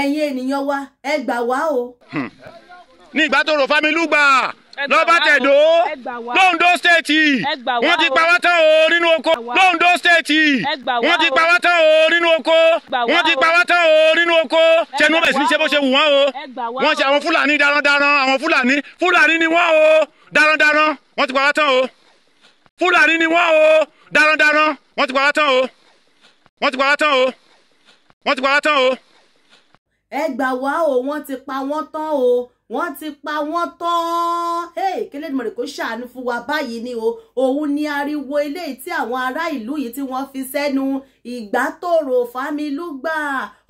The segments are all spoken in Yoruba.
ẹ̀yin ènìyàn wa ẹ gbà wá o. Hmm. ní ìgbà tó rò fámilú gbà lọ́ba tẹ̀dó lóńdó stéètì wọ́n ti pa wá tán o nínú oko lóńdó stéètì wọ́n ti pa wá tán o nínú oko wọ́n ti pa wá tán o nínú oko tẹnu bẹ̀ sí ṣe bó ṣe wù wọ́n o wọ́n ṣe àwọn fúlàní darandaran àwọn fúlàní fúlàní ni wọ́n o darandaran wọ́n ti pa wá tán o fúlàní ni wọ́n o darandaran wọ́n ti pa wá tán o wọ́n ti pa wá tán o wọ́n ti pa wá tán o ẹ gbà wá o wọ́n ti pa wọ́n tán o wọ́n ti pa wọ́n tán kílẹ̀dìmọ̀rì kò ṣàánú fún wa báyìí ni o òun ni ariwo eléyìí tí àwọn ará ìlú yìí tí wọ́n fi sẹ́nu ìgbà tòrò fámilúgbà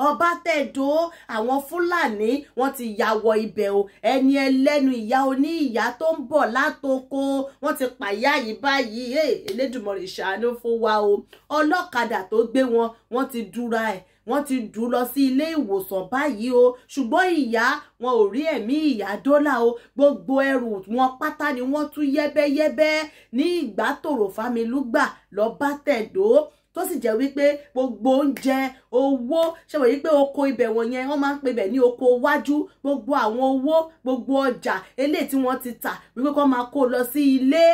ọbátẹ̀dọ́ àwọn fúlàní wọ́n ti ya wọ ibẹ̀ o ẹni ẹlẹ́nu ìyá oní ìyá tó ń bọ̀ látoko wọ́n ti pàyà yìí báyìí elédùnmọ̀rì ṣàánú fún wa o ọlọ́kadà tó gbé wọn wọ́n ti dúra ẹ̀ wọ́n ti dùn lọ sí ilé ìwòsàn báyìí o ṣùgbọ́n ìyá wọn ò rí ẹ̀mí ìyá dọ́là o gbogbo ẹrù wọn pátá ni wọ́n tún yẹ́bẹ́yẹ́bẹ́ ní ìgbà tòrò fámilúgbà lọ bá tẹ̀dó tó sì jẹ́ wípé gbogbo oúnjẹ owó ṣẹ̀wọ̀n yìí pé oko ibẹ̀ wọ̀nyẹn wọ́n máa ń pebẹ̀ ní oko wájú gbogbo àwọn owó gbogbo ọjà eléyìí tí wọ́n ti tà wípé kó máa kó lọ sí ilé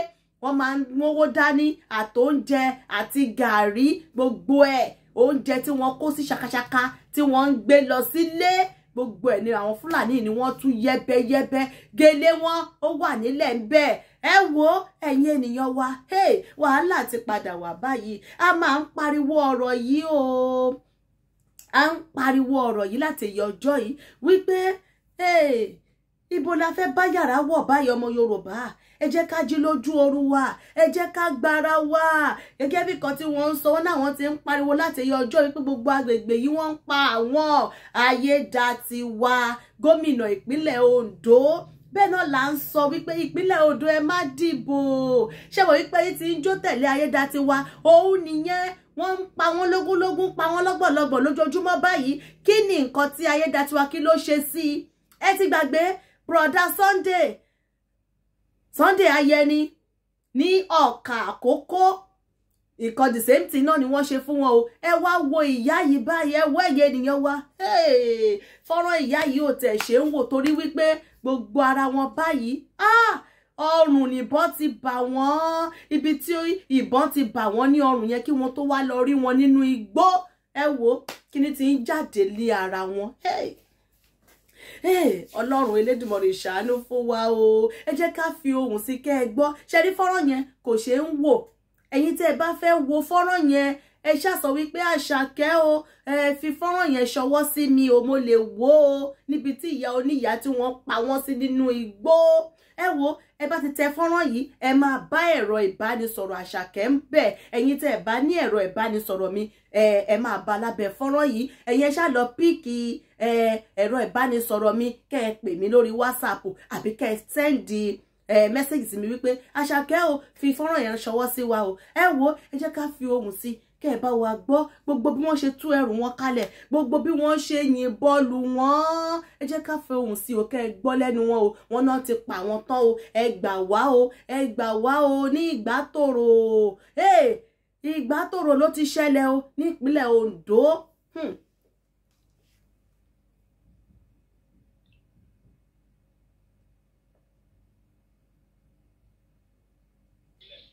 wọ́n máa ń mówó dání àtóúnjẹ àti gàárì gbogbo ẹ̀ oúnjẹ tí wọ́n kó sí ṣakaṣaka tí wọ́n ń gbé lọ sílé gbogbo ẹ̀ ni àwọn fúlàní ni wọ́n tún yẹ́bẹ́yẹ́bẹ́ gèlè wọn ó wà nílẹ̀ ń bẹ́ẹ̀ ẹ wo ẹ̀yin ènìyàn wa hey wàhálà ti padà wà báyìí a máa ń pariwo ọ̀rọ̀ yìí o a ń pariwo ọ̀rọ̀ yìí láti èyí ọjọ́ yìí wípé hey ibo la fẹ́ bá yàrá wọ̀ báyìí ọmọ yorùbá ẹ jẹ́ ká jí lójú oorun wa ẹ jẹ́ ká gbára wa gẹ́gẹ́ bí kan tí wọ́n ń sọ wọ́n náà wọ́n ti ń pariwo láti ẹyọ ọjọ́ wípé gbogbo agbègbè yìí wọ́n ń pa àwọn ayédatiwa gómìnà ìpínlẹ̀ Ondo bẹ́ẹ̀ náà là ń sọ wípé ìpínlẹ̀ Ondo ẹ má dìbò ṣé wọ́n wípé yìí ti ń jó tẹ̀lé ayédatiwa òun nìyẹn wọ́n ń pa wọ́n lógúnlógún pa wọ́n lọ́gbọ̀lọ́gbọ̀ lójoojúmọ́ báyìí kí ni nǹkan tí ayédatiwa kí ló ṣe sí ẹ ti gbàgbé broda Sunday Sunday Ayẹni ní ọ̀kà àkókò nǹkan the same thing náà ni wọ́n ṣe fún wọn o ẹ wá wo ìyá yìí báyìí ẹ wọ ẹ̀yẹ ènìyàn wa fọ́nrán ìyá yìí ò tẹ̀ ṣe ń wò torí wípé gbogbo ara wọn báyìí ah! ọrùn nìbọn ti bà wọ́n ibi tí ìbọn ti bà wọ́n ní ọrùn yẹn kí wọ́n tó wá lọ rí wọn nínú igbó ẹ wo kíní ti ń jáde lé ara wọn. Hey ọlọ́run elédùnmọ̀rẹ̀ ìṣàánú fún wa o ẹ jẹ́ ká fi ohùn sí kẹ́ ẹ gbọ́ ṣe rí fọ́nrán yẹn kò ṣe ń wò ẹ̀yin tẹ́ ẹ bá fẹ́ wo fọ́nrán yẹn ẹ ṣàsọ wípé àṣàkẹ́ o ẹ fi fọ́nrán yẹn ṣọwọ́ sí mi o mo lè wò ó níbi tí ìyá oníyàá tí wọ́n pa wọ́n sí nínú igbó ẹ wo ẹ bá ti tẹ fọ́nrán yìí ẹ máa bá ẹ̀rọ ìbánisọ̀rọ̀ àṣàkẹ́ ń bẹ̀ ẹ̀yin tẹ́ ẹ bá ní ẹ̀rọ ìbánisọ̀rọ̀ mi ẹ máa bá lábẹ́ fọ́nrán yìí ẹ̀yin ẹ ṣá lọ píìkì ẹ̀rọ ìbánisọ̀rọ̀ mi kẹ́ ẹ pè mí lórí whatsapp àbí kẹ́ ẹ sẹ́ndì mẹ́sẹ̀gì sí mi wípé àṣàkẹ́ o fi fọ́nrán yẹn ṣọwọ́ sí wa o ẹ wo ẹ jẹ́ ká fi ohùn sí i kẹ́ ẹ̀ bá wa gbọ́ gbogbo bí wọ́n ṣe tú ẹrù wọn kalẹ̀ gbogbo bí wọ́n ṣe yìn bọ́ọ̀lù wọn ẹ jẹ́ ká fẹ́ ohùn sí o kẹ́ ẹ gbọ́ lẹ́nu wọn o wọn náà ti pa wọn tán o ẹ gbà wá o ẹ gbà wá o ní ìgbà tòrò ìgbà tòrò ló ti ṣẹlẹ̀ o nípínlẹ̀ Ondo. Hmm.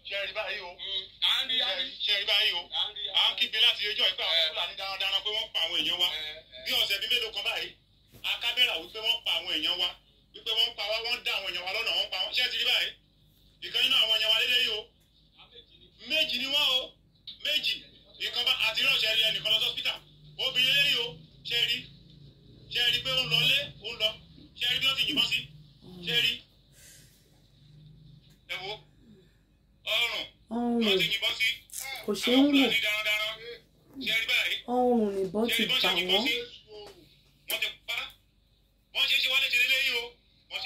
ṣe rí báyìí o mm, ṣe rí báyìí o à ń kígbe láti ẹjọ́ ìpè àwọn fúlàní darandaran pé wọ́n pa àwọn èèyàn wa eh, eh. bí ọ̀sẹ̀ bíi mélòó kan báyìí akábẹ́rà wípé wọ́n pa àwọn èèyàn wa wípé wọ́n pa wá wọ́n dá àwọn èèyàn wa lọ́nà wọ́n pa wọ́n ṣe ti rí báyìí ìkan nínú àwọn èèyàn wa lélẹ́ yìí o méjì ni wọ́n o méjì ìkan bá àti ránṣẹ́ rí ẹnìkan lọ sọ́spítà obìnrin lélẹ́ yìí o ṣe rí ṣe rí pé ó ń lọ lé ó ń lọ ṣe rí bí wọ́n ti yìnbọn sí ṣe rí ẹ wo ọrùn kò ṣe ń wò ọrùn nìbọn ti bà wọ́n. wọ́n ṣe ṣe wálé ṣe o wọ́n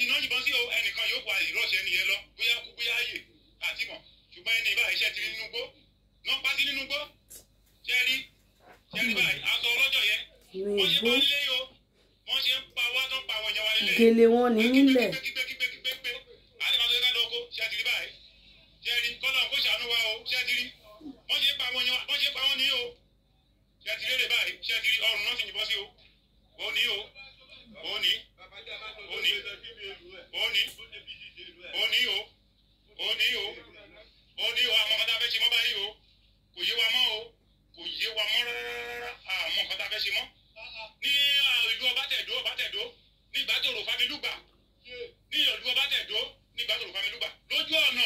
rí báyìí o ẹnìkan yóò wá ìrọ̀ṣẹ́ nìyẹn lọ bóyá aṣọ ọlọ́jọ́ yẹn wọ́n ṣe bá ń lé o wọ́n wọn ní nílẹ̀. gbẹgbẹgbẹgbẹgbẹgbẹ àti ní ìlú ọbátẹ̀dó ọbátẹ̀dó ní ìgbàtòrò familúgbà ní ìlú ọbátẹ̀dó ní ìgbàtòrò familúgbà lójú ọ̀nà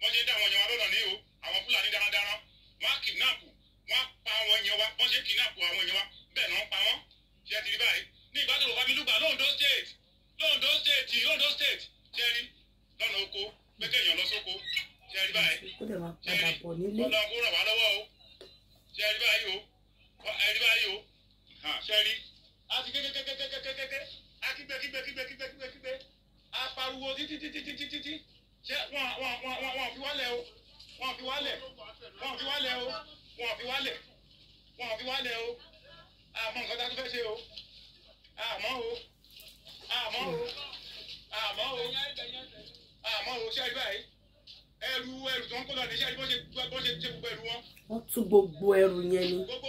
wọ́n ṣe ń dá àwọn èèyàn wa lọ́nà ní o àwọn fúlàní darandaran wọ́n á kìdínápù wọ́n á pa àwọn èèyàn wa wọ́n ṣe ń kìdínápù àwọn èèyàn wa bẹ́ẹ̀ náà ń pa wọ́n ṣe ti rí báyìí ní ìgbàtòrò familúgbà lóńdó state lóńdó state lóńdó state ṣe rí lọ́nà oko pẹ́kẹ́ nǹkan rí a ti kékékékékékékéké a kígbe kígbe kígbe kígbe títí títí títí títí ṣé wọn wọn wọn wọn fi wálẹ̀ o wọn fi wálẹ̀ wọn fi wálẹ̀ o wọn fi wálẹ̀ wọn fi wálẹ̀ o àmọ́ nǹkan tá fẹ́ ṣe o àmọ́ o àmọ́ o àmọ́ o àmọ́ o ṣe àyíká yìí ẹrù ẹrù tó ń kó lọ ní ṣe bó ṣe gbogbo ẹrù wọn. wọ́n tú gbogbo ẹrù yẹn ni. gbogbo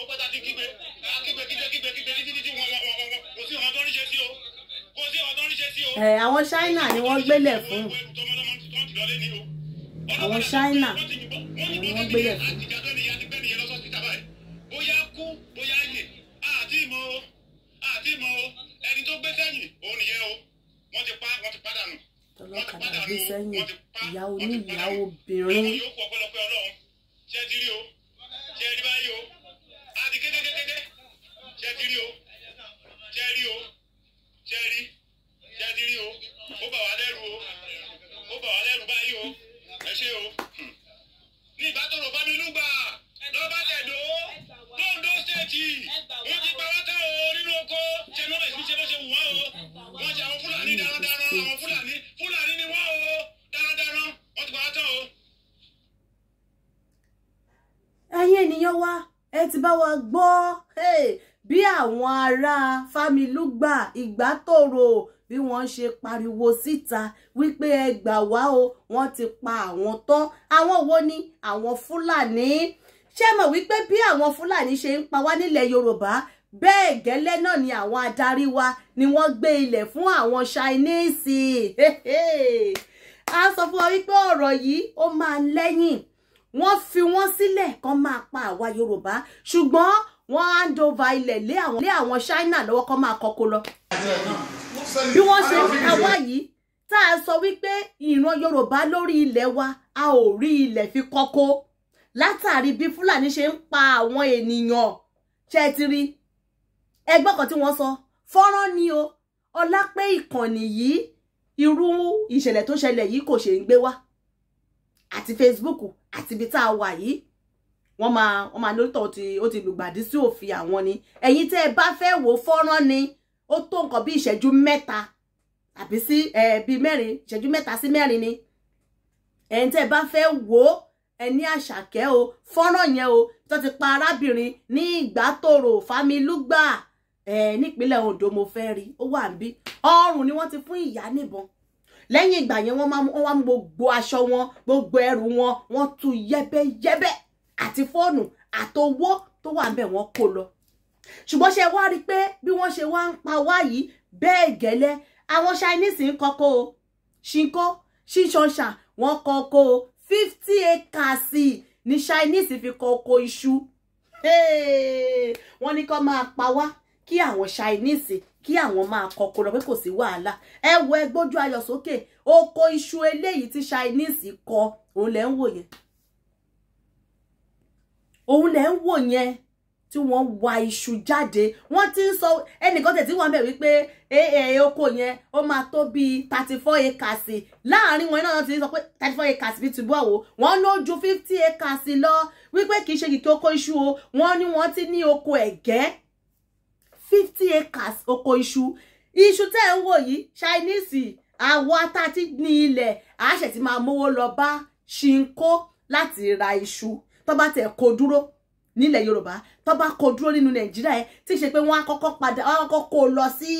ó pẹ́ tá ẹ àwọn China ni wọ́n gbélẹ̀ fún àwọn China ni wọ́n gbélẹ̀ fún. tọlọkadà gbé sẹ́yìn ìyàwó ní ìyàwó obìnrin. látọ̀rọ̀ bá nínú gbà lọ́ba tẹ̀dó lóńdó ṣèètì wọ́n ti pa wákà o nínú oko ṣe ló ṣe bó ṣe wù wọ́n o wọ́n ṣe àwọn fúlàní darandaran àwọn fúlàní fúlàní ni wọ́n o darandaran wọ́n ti pa wákà o. ẹ̀yin ènìyàn wa ẹ ti bá wa gbọ́ bí àwọn ará Familugba Ìgbàtòrò bí wọ́n ṣe pariwo síta wípé ẹ gbà wá o wọ́n ti pa àwọn tán àwọn wo ni àwọn Fúlàní ṣé mọ̀ wípé bí àwọn Fúlàní ṣe ń pa wá nílẹ̀ Yorùbá bẹ́ẹ̀ gẹ́lẹ́ náà ni àwọn adarí wa ni wọ́n gbé ilẹ̀ fún àwọn Chinese a sọ fún wa wípé ọ̀rọ̀ yìí ó máa lẹ́yìn wọ́n fi wọ́n sílẹ̀ kán máa pa àwa Yorùbá ṣùgbọ́n wọ́n hand over ilẹ̀ lé àwọn lé àwọn China lọ́wọ́ kọ́ máa kọ́kọ́ lọ. bí wọ́n ṣe ń ta wá yìí tá a sọ wípé ìran Yorùbá lórí ilẹ̀ wa a ò rí ilẹ̀ fi kọ́kọ́ látàrí bí Fúlàní ṣe ń pa àwọn ènìyàn ṣẹ́tìrì ẹgbẹ́ kan tí wọ́n sọ fọ́nrán ni o ọlá pé ìkànnì yìí irú ìṣẹ̀lẹ̀ tó ṣẹlẹ̀ yìí kò ṣe ń gbé wá àti Facebook àti ibi tá a wà yìí wọ́n máa wọ́n máa lóòótọ́ ti ó ti lùgbàdì sí òfin àwọn ni ẹ̀yin tẹ́ ẹ bá fẹ́ wò fọ́nrán ni ó tó nǹkan bí ìṣẹ́jú mẹ́ta àbí sí ẹ bíi mẹ́rin ìṣẹ́jú mẹ́ta sí mẹ́rin ni ẹ̀yin tẹ́ ẹ bá fẹ́ wò ó ẹ ní àṣàkẹ́ o fọ́nrán yẹn o tó ti pa arábìnrin ní ìgbàtòrò fámilúgbà ẹ nípínlẹ̀ Ondo mo fẹ́ rí ó wà níbí ọrùn ni wọ́n ti fún ìyá níbọn lẹ́yìn ìgbà yẹn wọ́n wá mú gbogbo aṣọ wọn gbogbo ẹrù wọn wọ́n tú yẹ́bẹ́yẹ́bẹ́ àti fóònù àtowó tó wà ń bẹ̀ wọ́n kó lọ ṣùgbọ́n ṣe wá rí i pé bí wọ́n ṣe wá ń pa wá yìí bẹ́ẹ̀ gẹ́lẹ́ àwọn chinese ń kọ́kọ́ o ṣinkó ṣíṣanṣà wọ́n kọ́kọ́ o fifty acres ní chinese fi kọ́kọ́ iṣu wọ́n ní kó máa pa wá kí àwọn chinese kí àwọn máa kọ́kọ́ lọ pé kò sí wàhálà ẹ wo ẹgbójú ayọ̀ sókè oko iṣu eléyìí tí chinese kọ òun lẹ́ ń wò òun lẹ ń wò yẹn tí wọ́n wa iṣu jáde wọ́n ti ń sọ ẹnìkan tẹ̀ tí wọ́n bẹ̀ wípé ee oko yẹn ó máa tó bíi thirty four acres láàrin wọn náà ti sọ pé thirty four acres bíi tìbú àwò wọ́n ló ju fifty acres lọ wípé kì í ṣe kìkì oko iṣu o wọ́n ní wọ́n ti ní oko ẹ̀gẹ́ fifty acres oko iṣu iṣu tẹ́ ń wò yìí chinese àwa tá a ti ní ilẹ̀ àṣẹ ti máa mówó lọ bá ṣinkó láti ra iṣu tó bá tẹ̀ kó dúró nílẹ̀ yorùbá tó bá kó dúró nínú nàìjíríà ẹ tí ṣe pé wọ́n á kọ́kọ́ padà wọ́n á kọ́kọ́ kó lọ sí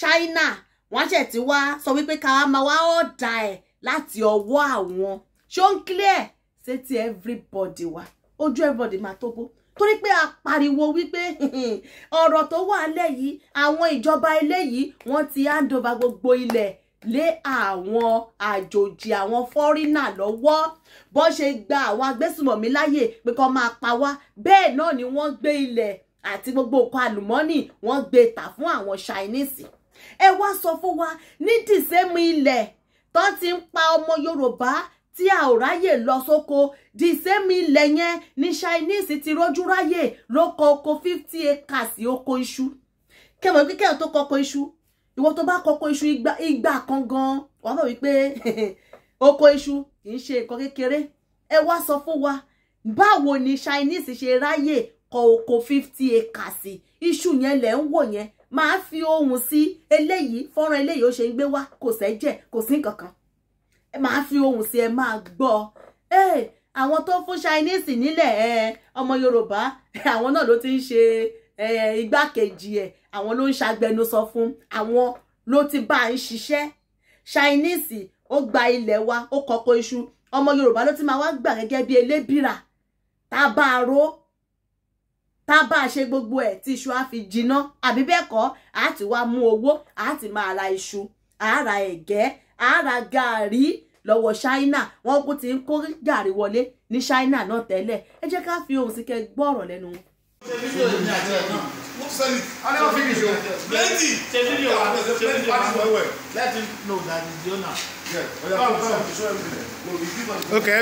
china wọ́n á ṣẹ̀ ti wá sọ wípé káwa máa wá ọ̀dà ẹ̀ láti ọwọ́ àwọn ṣó ń clear ṣé ti everybody wa ojú everybody máa tó bó torí pé a pariwo wípé ọ̀rọ̀ tó wà lẹ́yìn àwọn ìjọba eléyìí wọ́n ti hand over gbogbo ilẹ̀ lé àwọn àjòjì àwọn fọ́rínà lọ́wọ́ bó ṣe gba àwọn agbésùmọ̀mí láyè pé kó máa pa wá bẹ́ẹ̀ náà ni wọ́n gbé ilẹ̀ àti gbogbo nǹkan àlùmọ́nì wọ́n gbé tà fún àwọn Chinese ẹ wá sọ fún wa ní dìsẹ́mu ilẹ̀ tó ti ń pa ọmọ Yorùbá tí a ò ráyè lọ sóko dìsẹ́mu ilẹ̀ yẹn ní Chinese ti rọ́jú ráyè ló kọ oko fifty acres oko iṣu kẹwọ́n kíkẹ́ tó kọ oko iṣu ìwọ tó bá kọkọ iṣu igba kan gan wà á mọ̀ wípé oko iṣu kì í ṣe nǹkan kékeré ẹ wá sọ fún wa báwo ni Chinese ṣe ráyè kọ oko fifty acres iṣu yẹn lẹ̀ ń wò yẹn máa fi ohun sí eléyìí fọ́nrán eléyìí ó ṣe ń gbé wá kò sẹ́jẹ̀ kò sí nǹkan kan ẹ máa fi ohun sí ẹ máa gbọ́ ẹ àwọn tó fún Chinese nílẹ̀ eh, ọmọ Yorùbá àwọn náà ló ti ń ṣe eh, igbákejì ẹ̀ àwọn ló ń ṣagbẹnusọ fún àwọn ló ti bá ń ṣiṣẹ́ Chinese ó gba ilẹ̀ wa ó kọkọ iṣu ọmọ Yorùbá ló ti máa wá gbà gẹ́gẹ́ bí elébìrà tá a bá a ró tá a bá a ṣe gbogbo ẹ̀ tí iṣu á fi jiná àbí bẹ́ẹ̀ kọ́ á ti wá mú owó á ti máa ra iṣu A ra ẹ̀gẹ́ a ra gàárì lọ́wọ́ China wọ́n kú ti ń kó gàárì wọlé ní China náà tẹ́lẹ̀ ẹ jẹ́ ká fi ohùn sí kẹ́ gbọ́ ọ̀rọ̀ lẹ́nu wọn. Okay,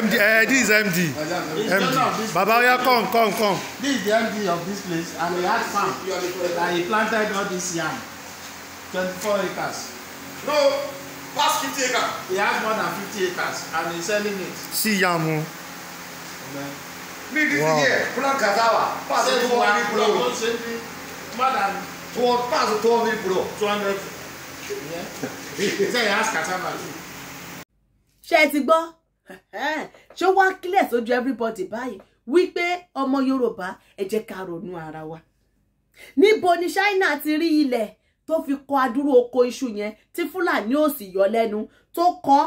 MD, uh, eh, this is MD. MD. Baba Oya, come, come, come. This is the MD of this place, and he had farm that he planted all this yam, Twenty four acres. No, past fifty acres. He has more than fifty acres, and he's selling it. See yam o. Oh. Okay. Ni this wow. year, plant cassava, pass it 200 kilo. More than two, pass 200 kilo. 200. Yeah. He said he cassava too. ti gbọ́? Ṣé wá clear sójú everybody báyìí wípé ọmọ Yorùbá ẹ ká ronú ara wa. Níbo ni Ṣáínà ti rí ilẹ̀ tó fi kọ adúrú oko iṣu yẹn tí Fúlàní ò sì yọ lẹ́nu tó kọ́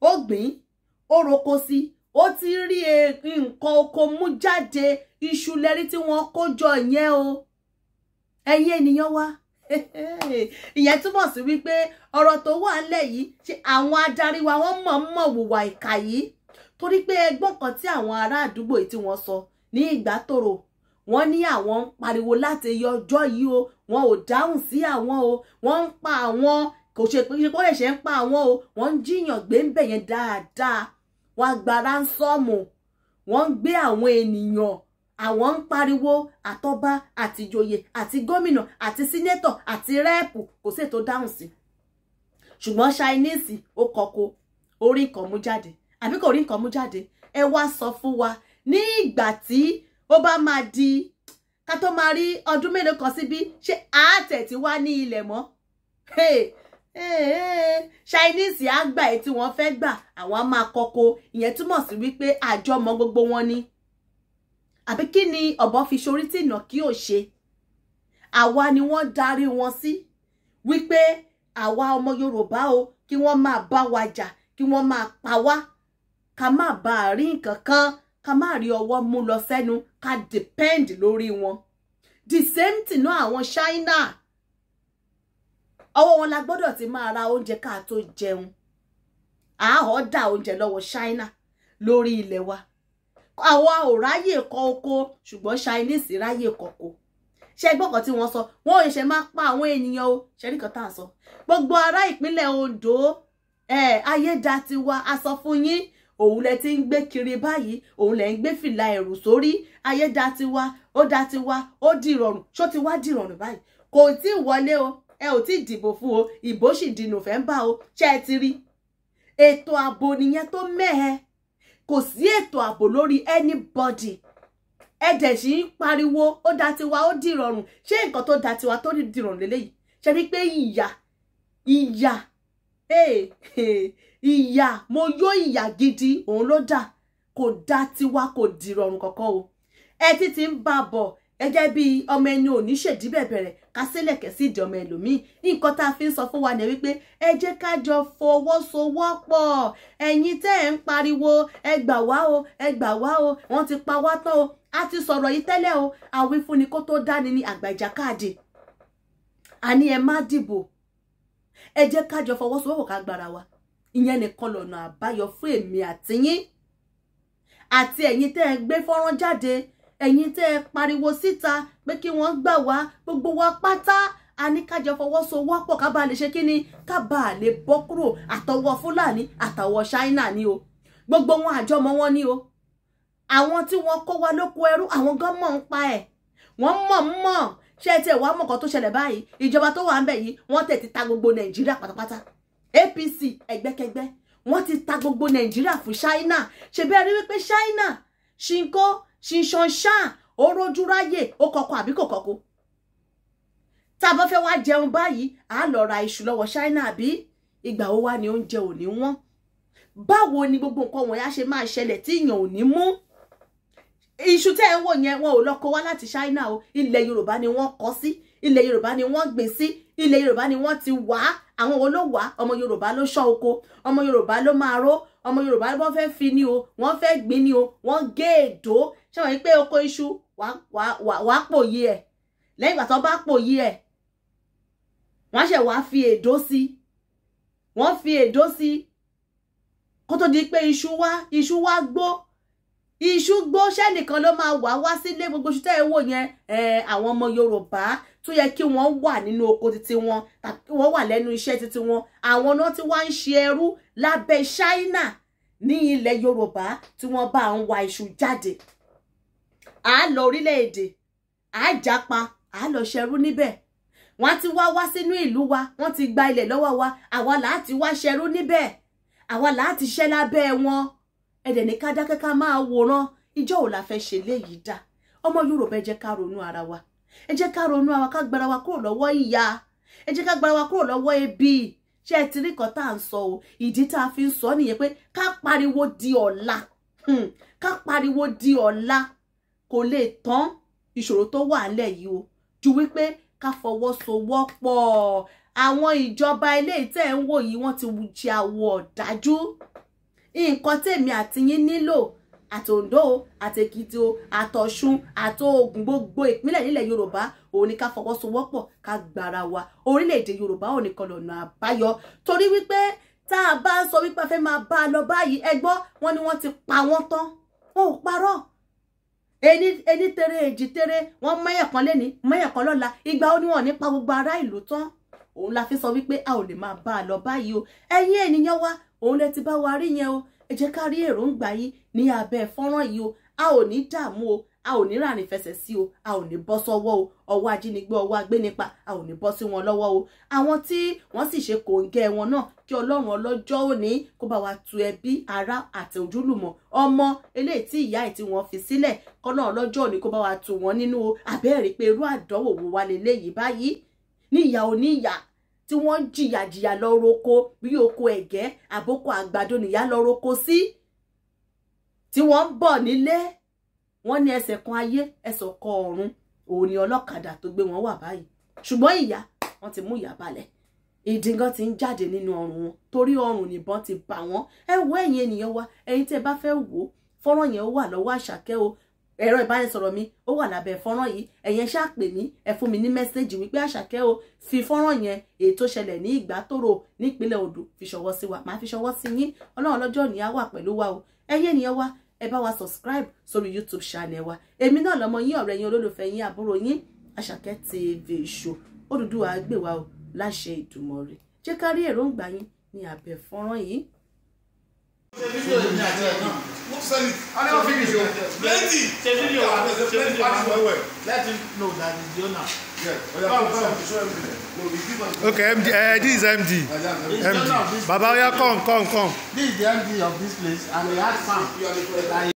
ó gbìn ó roko sí ó ti rí e, nǹkan oko mú jáde iṣu lẹ́rí tí wọ́n kó jọ yẹn o ẹ̀yin ènìyàn wa ìyẹn túmọ̀ sí wípé ọ̀rọ̀ tó wà ńlẹ̀ yìí ṣe àwọn adarí wa wọ́n mọ̀ mọ̀ wùwà ìkà yìí torí pé ẹgbọ́n kan tí àwọn ará àdúgbò yìí tí wọ́n sọ ní ìgbà tòrò wọ́n ní àwọn ń pariwo láti yọ ọjọ́ yìí o wọn ò dáhùn sí àwọn o wọ́n ń pa àwọn kò ṣe pé kó ṣẹ̀ṣẹ̀ ń pa àwọn o wọ́n ń jiyàn gbé ń bẹ̀ dáadáa wọ́n gba ránsọ́ọ̀mù wọ́n ń gbé àwọn ènìyàn àwọn ń pariwo àtọba àtìjòyè àti gómìnà àti sínétọ̀ àti rẹ́ẹ̀pù kò sí ètò dáhùn sí ṣùgbọ́n chinese ó kọko orí nǹkan mú jáde àbí kò rí nǹkan mú jáde ẹ wá sọ fún wa ní ìgbà tí ó bá máa di ká tó máa rí ọdún mélòó kan síbí ṣé àátẹ̀ tí wá ní ilẹ̀ mọ́ Eh, eh, chinese á gbà ẹ tí wọ́n fẹ́ gbà àwọn á máa kọ́kọ́ ìyẹn túmọ̀ sí wípé àjọ mọ gbogbo wọn ni àbí kí ni ọ̀bọ fi ṣorí tí ìnà kí ò ṣe àwa ni wọ́n darí wọn sí wípé àwa ọmọ yorùbá o kí wọ́n máa bá wa jà kí wọ́n máa pa wá ká má bá a rí nǹkan kan ká má rí ọwọ́ mú lọ sẹ́nu ká depend lórí wọn the same thing náà àwọn china kọ́ la gbọ́dọ̀ ti máa ra oúnjẹ ká tó jẹun àáhọ́ dà oúnjẹ lọ́wọ́ China lórí ilẹ̀ wa àwa ò ráyè kọ oko ṣùgbọ́n Chinese ráyè kọ̀kọ̀ ṣe gbọ́kàn tí wọ́n sọ wọ́n ò ṣe máa pa àwọn ènìyàn o ṣe nìkan tá à sọ gbogbo ará ìpínlẹ̀ Ondo ayédatiwa a sọ fún yín òun lẹ ti ń gbé kiri báyìí òun lẹ ń gbé fìlà ẹ̀rù sórí ayédatiwa ó datiwa ó dìrọ̀rùn ṣó ti wá dìrọ̀rùn báyìí kò tí ì wọlé o ẹ ò tí ì dìbò fún o ìbò sì di november o ṣé ẹ ti rí ètò ààbò nìyẹn tó mẹ́hẹ kò sí ètò ààbò lórí anybody ẹ dẹ̀ sì ń pariwo ó da tiwa ó dìrọ̀rùn ṣé nǹkan tó da tiwa tó dìrọ̀rùn lélẹ́yìí ṣe rí pé ìyà ìyà ìyà mo yó ìyà gidi òun ló dà kò da tiwa kò dìrọ̀rùn kankan o ẹ ti ti ń bá bọ̀ gẹ́gẹ́ bí ọmọ ẹni ò ní ṣèdí ká sílẹ̀kẹ̀ sí ìdí ọmọ ẹlòmíì nǹkan tá a fi ń sọ fún wa ni wípé ẹ jẹ́ ká jọ fọwọ́sowọ́pọ̀ ẹ̀yin tẹ́ ẹ̀ ń pariwo ẹ gbà wá o ẹ gbà wá o wọ́n ti pa wá tán o a ti sọ̀rọ̀ yìí tẹ́lẹ̀ o àwífúnni kó tó dání ní àgbà ìjàkadì àní ẹ má dìbò ẹ jẹ́ ká jọ fọwọ́sowọ́pọ̀ ká gbára wa ìyẹn nìkan lọ̀nà àbáyọ fún èmi àtiyín àti ẹ̀yin tẹ́ ẹ gbé fọ́nrán jáde ẹ̀yin tẹ́ ẹ pariwo síta pé kí wọ́n gbà wá gbogbo wa pátá a ní kájọ fọwọ́sowọ́pọ̀ ká bá lè ṣe kí ni ká bá lè bọ́ kúrò àtọwọ́ fúlàní àtàwọ̀ ṣáínà ni o gbogbo wọn àjọmọ wọn ni o àwọn tí wọ́n kó wa lóko ẹrú àwọn gan mọ̀ ń pa ẹ̀ wọ́n mọ̀ ń mọ̀ ṣé ẹ tiẹ̀ wá mọ̀ kan tó ṣẹlẹ̀ báyìí ìjọba tó wà ń bẹ̀ yìí wọ́n tẹ̀ ti ta gbogbo nàìjíríà pátápátá apc ẹgbẹ́kẹgbẹ́ wọ́n ti ta gbogbo nàìjíríà fún ṣáínà ṣèbí ẹ rí wípé ṣáínà ṣinkó ṣinṣan ṣáà ó rojú ráyè ó kọkọ àbí kò kọkọ tá a bá fẹ́ wá jẹun báyìí à á lọ ra iṣu lọ́wọ́ ṣáínà àbí ìgbà wo wá ni oúnjẹ ò ní wọ́n báwo ni gbogbo nǹkan wọ̀nyá ṣe máa ṣẹlẹ̀ tí èèyàn ò ní mú iṣu tẹ́ ẹ̀ wò yẹn wọn ò lọ kó wá láti ṣáínà o ilẹ̀ yorùbá ni wọ́n kọ́ sí ilẹ̀ yorùbá ni wọ́n gbìn sí ilẹ̀ yorùbá ni wọ́n ti wà àwọn olówà ọmọ yorùbá ló ṣọ́ oko ọmọ yorùbá ló máa ró ọmọ yorùbá wọ́n fẹ́ fi ni o wọ́n fẹ́ gbin ni o wọ́n gé èdò ṣé wọ́n yí pé oko iṣu wàá pòyí ẹ̀ lẹ́yìn ìgbà tó bá pòyí ẹ̀ wọ́n ṣẹ̀ wá fi èdò sí wọ́n fi èdò sí kó tó di pé iṣu wá iṣu wá gbó ìṣùgbọ́ sẹ́nìkan ló máa wà wá sílé gbogbo ṣùtẹ́ ẹ wò yẹn àwọn ọmọ Yorùbá tó yẹ kí wọ́n wà nínú oko títí wọn tàbí wọ́n wà lẹ́nu iṣẹ́ títí wọn àwọn náà tí wọ́n ń ṣe ẹrú lábẹ́ Ṣáínà ní ilẹ̀ Yorùbá tí wọ́n bá ń wa iṣu jáde à á lọ orílẹ̀-èdè à á japa à á lọ ṣẹrú níbẹ̀ wọ́n ti wá wá sínú ìlú wa wọ́n ti gba ilẹ̀ lọ́wọ́ wa àwa làá ti wá ṣẹrú níbẹ̀ àwa làá ti ṣẹ́ lábẹ́ wọn ẹ̀dẹ̀ ní ká dákẹ́ ká máa wòran ìjọ́ ò la fẹ́ ṣe léyìí dá ọmọ Yorùbá ẹ jẹ́ ká ronú ara wa ẹ jẹ́ ká ronú ara wa ká gbára wa kúrò lọ́wọ́ ìyà ẹ jẹ́ ká gbára wa kúrò lọ́wọ́ ebi ṣé ẹ ti rí kan tá à ń sọ o ìdí tá a fi ń sọ nìyẹn pé ká pariwo di ọ̀la hmm. ká pariwo di ọ̀la kò lè tán ìṣòro tó wà nílẹ̀ yìí o ju wípé ká fọwọ́sowọ́pọ̀ àwọn ìjọba ilé ìtẹ́ ń wò yìí wọ́n ti ṣe àwọ̀ ọ̀dájú nǹkan tèmi àti yín nílò àtòǹdó àtèkìtì o àtọ̀ṣun àtòògùn gbogbo ìpínlẹ̀ nílẹ̀ yorùbá òun ni ká fọwọ́sowọ́pọ̀ ká gbára wa orílẹ̀-èdè yorùbá òun nìkan lọ́nà àbáyọ torí wípé tá a bá sọ wípé a fẹ́ máa bá a lọ báyìí ẹgbọ́ wọn ni wọ́n ti pa wọ́n tán wọn parọ́ ẹni ẹni tere èjì tere wọn mẹ́yẹ̀ kan lẹ́ni mẹ́yẹ̀ kan lọ́la ìgbà ó ní wọn nípa gbogbo ará ìlú tán òun la fi sọ wípé a ò lè máa bá a lọ báyìí o ẹ̀yin ènìyàn wa òun lẹ ti bá wa rí yẹn o ẹ jẹ́ ká rí èròǹgbà yìí ní abẹ́ fọ́nrán yìí o a ò ní dààmú o a ò ní ràní fẹsẹ̀ sí o a ò ní bọ́ sọ́wọ́ o ọwọ́ ajínigbé ọwọ́ agbénipa a ò ní bọ́ sí wọn lọ́wọ́ o àwọn tí wọ́n sì ṣe kòńgẹ́ wọn náà kí ọlọ́run ọlọ́jọ́ òní kó bá wa tu ẹbí ará àti ojúlùmọ̀ ọmọ eléyìí tí ìyá ẹ̀ tí fi sílẹ̀ kọ́nà ọlọ́jọ́ òní kó bá wa tu wọn nínú o pé irú àdánwò wo wa lè léyìí báyìí níyà oníyà tí wọ́n jìyàjìyà lọ roko bí oko ẹ̀gẹ́ àbókò àgbàdo nìyá lọ roko sí tí wọ́n ń bọ̀ nílé wọ́n ní ẹsẹ̀ kan ayé ẹsẹ̀ kan ọ̀run òun ni ọlọ́kadà tó gbé wọn wà báyìí ṣùgbọ́n ìyá wọ́n ti mú ìyá balẹ̀ ìdíngán ti ń jáde nínú ọrùn wọn torí ọrùn nìbọn ti bà wọ́n ẹ wo ẹ̀yin ènìyàn wa ẹ̀yin tẹ́ bá fẹ́ wò fọ́nrán yẹn wà lọ́wọ́ àṣàkẹ́ o ẹ̀rọ ìbánisọ̀rọ̀ mi ó wà lábẹ́ fọ́nrán yìí ẹ̀yẹn ṣáà pè mí ẹ fún mi ní mẹ́sẹ́jì wípé àṣàkẹ́ o fi fọ́nrán yẹn èyí tó ṣẹlẹ̀ ní ìgbàtòrò nípínlẹ̀ odò fi ṣọwọ́ sí wa màá fi ṣọwọ́ sí yín ọlọ́run lọ́jọ́ òní á wà pẹ̀lú wa o ẹyẹ ènìyàn wa ẹ bá wa subscribe sórí youtube channel wa èmi náà lọmọ yín ọ̀rẹ́ yín olólùfẹ́ yín àbúrò yín àṣàkẹ́ tv show Odùduwà gbè wá o láṣẹ Ìdùmarè jẹ́ ká rí èròǹgbà yín ní abẹ́ fọ́nrán yìí Eh, okay, MD, uh, eh, this is MD. MD. Baba, come, come, come. This is the MD of this place, and he has farm.